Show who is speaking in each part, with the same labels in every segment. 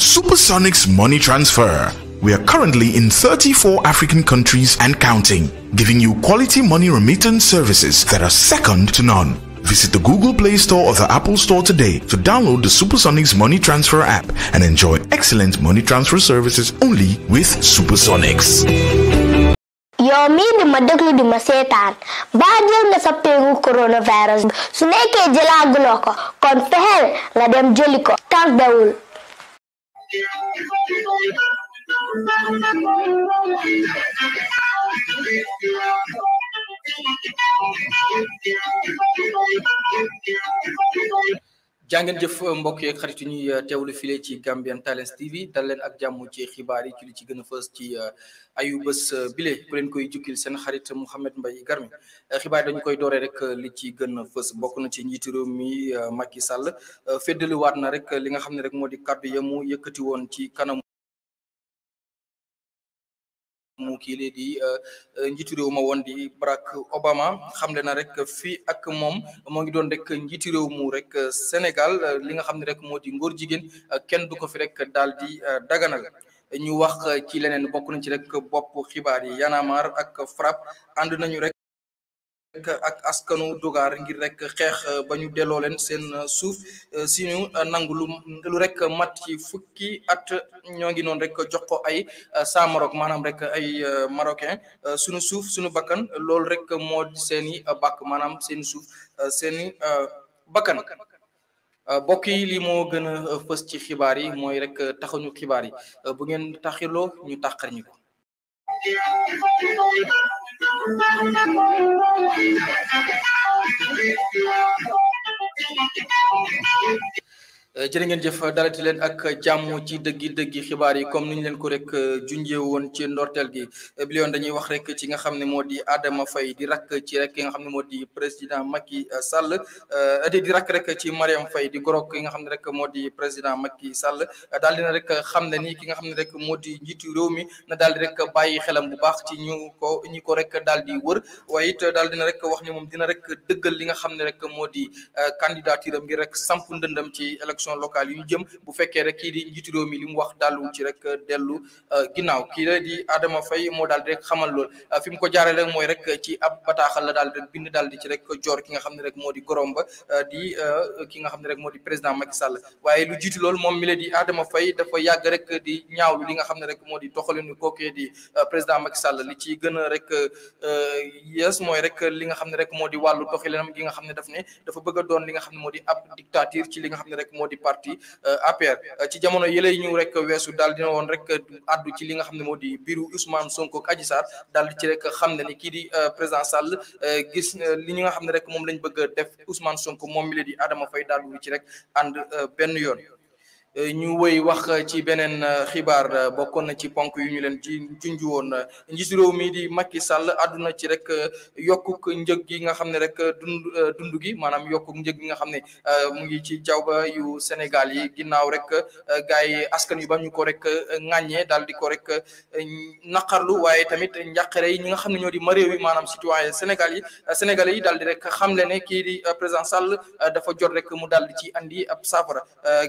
Speaker 1: Supersonics Money Transfer. We are currently in 34 African countries and counting, giving you quality money remittance services that are second to none. Visit the Google Play Store or the Apple Store today to download the Supersonics Money Transfer app and enjoy excellent money transfer services only with Supersonics.
Speaker 2: Yomi
Speaker 3: the madaglu de masetan. Badyaw na coronavirus. Suneke jelagulo ko. Kon fehel na
Speaker 1: Ella se
Speaker 3: Jangan jëf euh, mbokk yi xarit ñuy euh, tewlu filé ci Gambian Talents TV dal leen ak jamm ci xibaar yi ci li ci gëna fess ci euh, ayu bés bile ku leen koy jukil sen xarit Mouhamed Mbaye Garmi xibaar dañ koy dooree rek li ci gëna fess bokku na ci rew mi Macky Sall wat na rek li nga xam rek modi di yamu yëkëti won ci kanam mu kii lee di euh, euh, njiitu réew ma woon di Barack Obama xam le na rek fii ak moom moo ngi doon rek njiitu réew mu rek euh, Sénégal li nga xam ne rek moo di ngóor jigéen kenn du ko fi rek daal di daganal ñu wax ci leneen bokk nañ ci rek bopp xibaar yi Y'en ak FRAPP ànd nañu rek ak askanu dogar ngir rek xex euh, bañu delo len sen euh, souf sinu euh, si lu rek mat ci fukki at ñogi non rek jox ko ay sa Maroc manam rek ay marocain sunu souf sunu bakan lol rek mod seni bak manam maanaam seen suuf seen i bakkan mbokk yi lii moo ci xibaar yi moy rek taxañu xibaar yi bu ngeen taxiloo ñu tàqar ko
Speaker 1: No hay
Speaker 3: Euh, jërë ngeen jëf dalati leen ak jàmm ci dëggi dëggi xibaar yi comme ni ñu leen ko rek euh, junjee woon ci ndorteel gi euh, bi dañuy wax rek ci nga xam ne moo di Adama Faye di rakk ci rek ki nga xam ne moo di président Macky Sall di di rakk rek ci Mariam fay di gorog ki nga xam ne rek moo di président Macky Sall daal dina rek xam ne ni ki nga xam ne rek moo di njiitu réew mi na daal di rek bàyyi xelam bu baax ci ñu ko ñi ko rek daal di wër waaye it dina rek wax ni moom dina rek dëggal li nga xam ne rek moo di candidature am ngir rek samp ndëndam ci élection élection locale yu jëm bu fekkee rek kii di njiitu réew mi li mu wax dàllu ci rek dellu euh, ginnaaw kii la di Adama fay moo daal di rek xamal lool euh, fi mu ko jaaree rek mooy rek ci ab bataaxal la daal di rek bind daal di ci rek joor ki nga xam ne rek moo di Goromba euh, di ki nga xam ne rek moo di président Macky Sall waaye lu jiitu loolu moom mi la di Adama Faye dafa yàgg rek di ñaawlu li nga xam ne rek moo di doxalinu kookee di président Macky Sall li ci gën a rek yees mooy rek li nga xam ne rek moo di wàllu doxalinam gi nga xam ne daf ne dafa bëgg doon li nga xam ne moo di ab dictature ci li nga xam ne rek moo di parti euh, APR euh, ci jamono yële yi ñu rek weesu daal dina woon rek euh, addu ci li nga xam ne moo di biiru Ousmane Sonko ak Adji Sarr ci rek xam ne ni kii di président Sall gis li ñu nga xam ne rek moom lañ bëgg a def Ousmane Sonko moom mi la di Adama Faye daal di ci rek ànd benn yoon. ñu woy wax euh, ci beneen euh, xibaar euh, bokkoon na ci ponk yu ñu leen ci junj woon njiitu réew mi di Macky Sall àdduna ci rek yokkuk njëg gi nga xam ne rek dund dund gi maanaam yokkuk njëg gi nga xam ne mu ngi ci jaww ba yu Sénégal yi ginnaaw rek gars yi askan yu ba ñu ko rek ŋàññee daal di ko rek naqarlu waaye tamit njàqare yi ñi nga xam ne ñoo di ma réew yi maanaam citoyen Sénégal yi Sénégalais yi daal di rek xam ne kii di président Sall dafa jot rek mu daal di ci indi ab saafara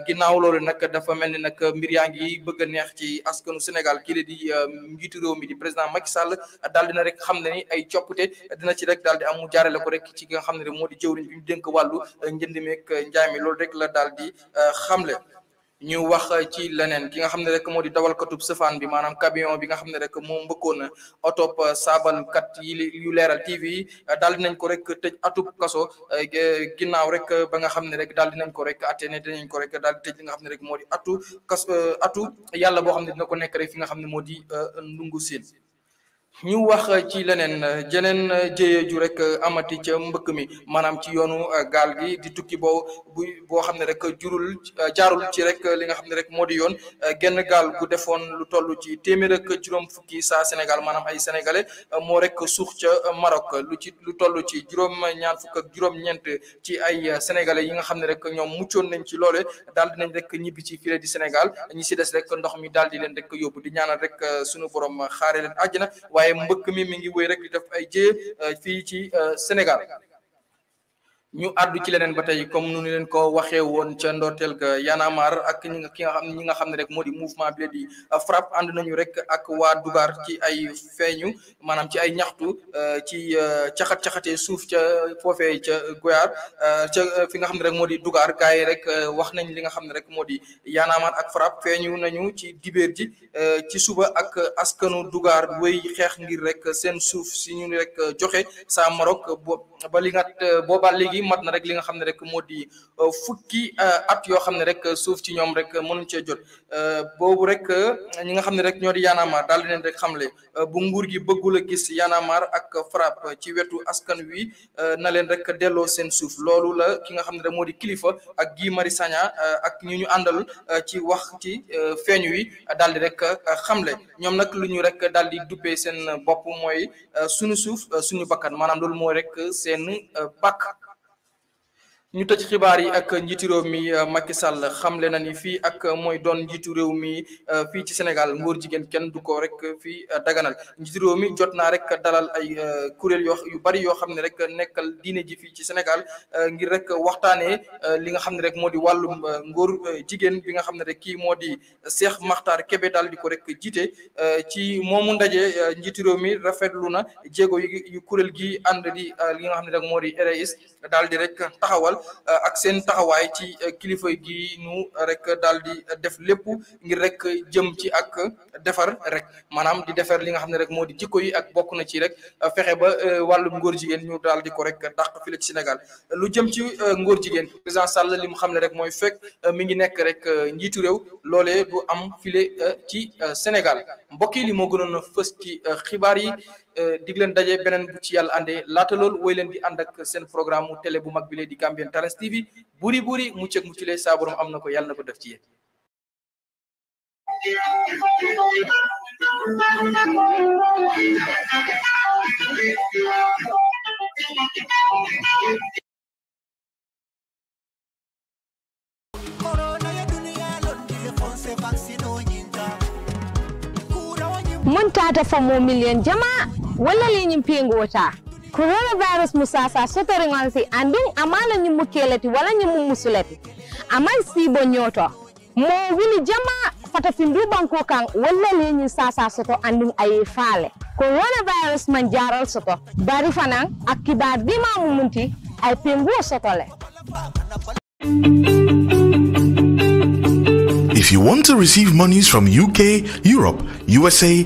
Speaker 3: ginnaaw loolu nag dafa mel ni nag mbir yaa ngi bëgg a neex ci askanu Sénégal kii la di euh, njiitu réew mi di président Macky Sall daal dina rek xam ne ni ay coppite dina ci rek daal di am mu jaarale ko rek ci ki nga xam ne moo di jëwriñ bi ñu dénk wàllu njënd meeg njaay mi loolu rek la daal di euh, le ñu wax ci leneen ki nga xam ne rek moo di dawalkatub sëfaan bi maanaam camion bi nga xam ne rek moo mbëkkoon otop saabalkat yi yu leeral TV daal dinañ ko rek tëj atub kaso eh, ginnaaw rek ba nga xam ne rek daal dinañ ko rek atte ne dinañ ko rek daal di tëj li nga xam ne rek moo di atu kas eh, atu yàlla boo xam ne dina ko nekk rek fi nga xam ne moo di eh, ndungu siin ñu wax ci leneen jeneen jéye rek amati ca mbëkk mi maanaam ci yoonu gaal gi di tukki boo bu boo xam ne rek jurul jaarul ci rek li nga xam ne rek moo di yoon genn gaal gu defoon lu toll ci téeméer ak juróom fukki saa Sénégal maanaam ay sénégalais moo rek suux ca Maroc lu ci lu toll ci juróom ñaar fukk ak juróom-ñeent ci ay sénégalais yi nga xam ne rek ñoom muccoon nañ ci loole daal nañ rek ñibbi ci file di Sénégal ñi si des rek ndox mi daal di leen rek yóbbu di ñaanal rek sunu borom xaare leen àjjana waaye mbëkk mi mi ngi wéy rek di def ay jée euh, fii ci euh, Sénégal ñu addu ci leneen ba tey comme nu leen ko waxee woon ca ndorteel ga yanamar ak ñi nga ki nga xam ñi nga xam ne rek moo di mouvement bi di frappe ànd nañu rek ak waa dugar ci ay feeñu maanaam ci ay ñaxtu euh, ci euh, caxat caxatee suuf ca foofee ca goyaar euh, ca fi nga xam ne rek moo dugar gars yi rek wax nañ li nga xam ne rek moo di yanamar ak frappe feeñu nañu ci dibeer ji ci suba ak askanu dugar way xeex ngir rek seen suuf si ñu rek joxe sa marok ba li nga booba léegi yi mat na rek li nga xam ne rek moo di euh, fukki euh, at yoo xam ne rek suuf ci ñoom rek euh, mënuñ cee jot boobu rek ñi nga xam ne rek ñoo di yaanaamaar dal di leen rek xamle bu nguur gi bëggul a gis yaanaamaar ak FRAPP ci askan wi na leen rek delloo seen suuf loolu la ki nga xam ne rek moo di kilifa ak Guy Marius ak ñi ñu àndal ci wax ci feeñ wi daal rek xamle ñoom nag lu ñu rek daal di duppee seen bopp mooy suñu suuf suñu bakkan maanaam loolu mooy rek seen pàkk ñu tëj xibaar yi ak njiitu réew mi euh, Macky Sall xamle na ni fii ak mooy don njiitu réew mi euh, fii ci Sénégal ngóor jigéen kenn du ko rek fii euh, daganal njiitu réew mi jot naa rek dalal ay kuréel yoo yu bari yoo xam ne rek nekkal diine ji fii ci Sénégal ngir rek waxtaanee li nga xam ne rek moo di wàllum ngóor jigéen bi nga xam ne rek kii moo di Cheikh Makhtar Kébé daal di ko rek jiite ci moomu ndaje njiitu réew mi rafetlu na jéego yu kuréel gi ànd di li nga xam ne rek moo di RIS daal di rek taxawal. Euh, ak seen taxawaay ci euh, kilifa gi nu rek daal di def lépp ngir rek jëm ci ak defar rek maanaam di defar li nga xam ne rek moo di jikko yi ak bokk na ci rek euh, fexe ba wàllum ngóor jigéen ñu daal di ko rek dàq fii ci Sénégal lu jëm ci ngóor jigéen président Sall li mu xam ne rek mooy fek mi ngi nekk rek njiitu réew loolee du am file ci Sénégal mbokk yi li moo gënoon a fës ci xibaar yi Eh, diglen dajé benen bu ci yalla andé laata lol way len di ànd ak sen programme mu télé bu mag bi lé di Gambian Talents TV buri buri mu cëg mu ci lee saa borom amna ko yalla nako def ci yé
Speaker 2: mun tata famo million jama'a wala walla leñin peengota coronavirus musasa sotere ngansi andin amana ñimmu keleti wala ñimmu musuleti aman siibo ñooto mo wini jama fata findu banko kan walla leñin sasa soto andin aye faale coronavirus man jaral soto bari fanan ak kibar dima mumunti ay penguo sotole
Speaker 1: If you want to receive monies from UK, Europe, USA,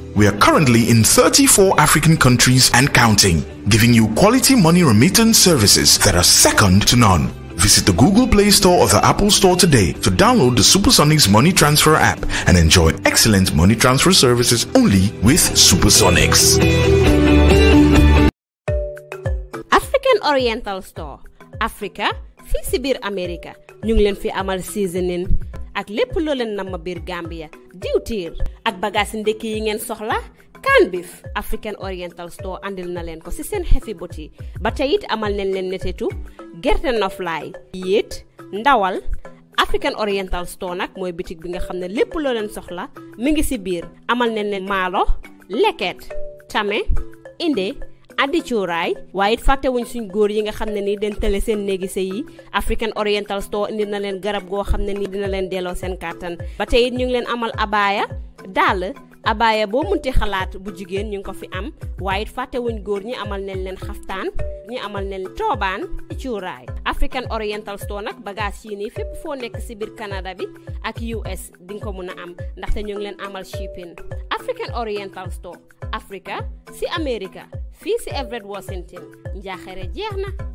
Speaker 1: we are currently in 34 African countries and counting, giving you quality money remittance services that are second to none. Visit the Google Play Store or the Apple Store today to download the Supersonics Money Transfer app and enjoy excellent money transfer services only with Supersonics.
Speaker 2: African Oriental Store, Africa, fii America ñu fi amal seasoning ak lépp loo leen namma biir Gambia diwtiir ak bagage yi ndekki yi ngeen soxla Kan Beef African Oriental Store andil na leen ko ci seen xefi bot yi ba tey amal nañ leen netetu gerte noflaay yéet ndawal African Oriental Store nag mooy bitig bi nga xam ne lépp loo leen soxla mu ngi ci biir amal nañ leen maalo leket tame inde andi cuuraay waye it wuñ suñ goor yi nga xam ni den sen African Oriental Store indi na len garab go xam ni dina len delloo sen carton ba tay ñu ngi len amal Abaya, dal Abaya boo munti xalaat bu jigen ñu ko fi am waye it wuñ goor ñi amal nañ len xaftaan ñi amal nañ toobaan cuuraay African Oriental Store nak bagage yi ni fep fo nek ci bir Canada bi ak US di ko mëna am am ndaxte ñu ngi len amal shipping African Oriental Store Afrika, si Amerika. fii si
Speaker 1: Everett Washington njaaxare jeex na